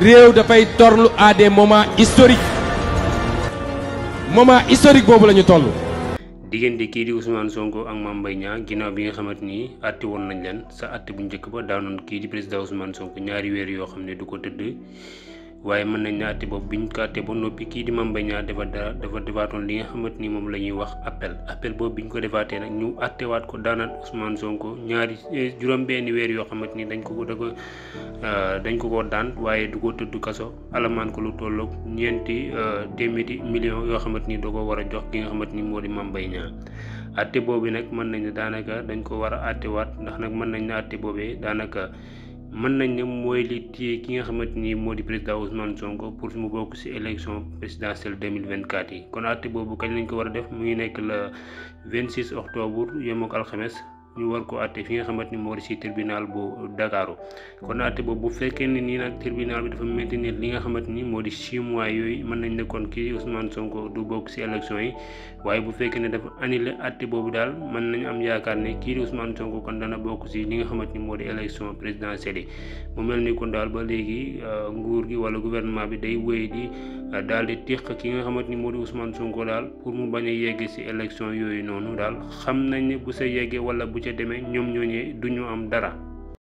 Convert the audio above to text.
réew dafay torlu à des moments historiques moment historique boobu la ñu toll. diggante kii di Ousmane Sonko ak Mame Mbaye Niang ginnaaw bi nga xamante ni àtte woon nañ leen sa àtte bu njëkk ba daanoon kii di président Ousmane Sonko ñaari weer yoo xam ne du ko tëdd. waaye mën nañ ne àtte boobu ñu ko àtte ba noppi kii di Mame Mbaye Niang dafa dafa defaatoon li nga xamante ni moom la ñuy wax appel appel boobu ñu ko defaatee nag ñu àttewaat ko daanaat Ousmane Sonko ñaari eh, juróom weer yoo xamante ni dañ ko da ko euh, dañ ko ko daan waaye du ko tëdd kaso alamaan ko lu tolloog ñeenti euh, téeméeri millions yoo xamante ni da ko war a jox ki nga xamante ni moo di Mame Mbaye Niang àtte boobu nag mën nañ ne daanaka dañ ko war a àttewaat ndax nag mën nañ ne àtte boobee daanaka. mën nañ ne mooy li téye ki nga xamante ni moo di président Ousmane Sonko pour si mu bokk ci élection présidentielle 2024 yi kon àtte boobu kañ lañ ko war a def mu ngi nekk le 26 octobre yem ak alxames ñu war ko àtte fi nga xamante ni moo di ci tribunal bu Dakaaru kon àtte boobu bu fekkee ne nii nag tribunal bi dafa maintenir li nga xamante ni moo di six mois yooyu mën nañ ne kon kii Ousmane Sonko du bokk ci élection yi waaye bu fekkee ne dafa annulé àtte boobu daal mën nañu am yaakaar ne kii Ousmane Sonko kon dana bokk ci li nga xamante ni moo di élection présidentielle yi mu mel ni kon daal ba léegi euh, nguur gi walla gouvernement bi day wéy di. daal di tiq ki nga xamante ni moo di Ousmane Sonko daal pour mu bañ a yegg ci élection yooyu noonu daal xam nañ ne bu sa yeggee wala bu ca demee ñoom ñooñee du ñu am dara.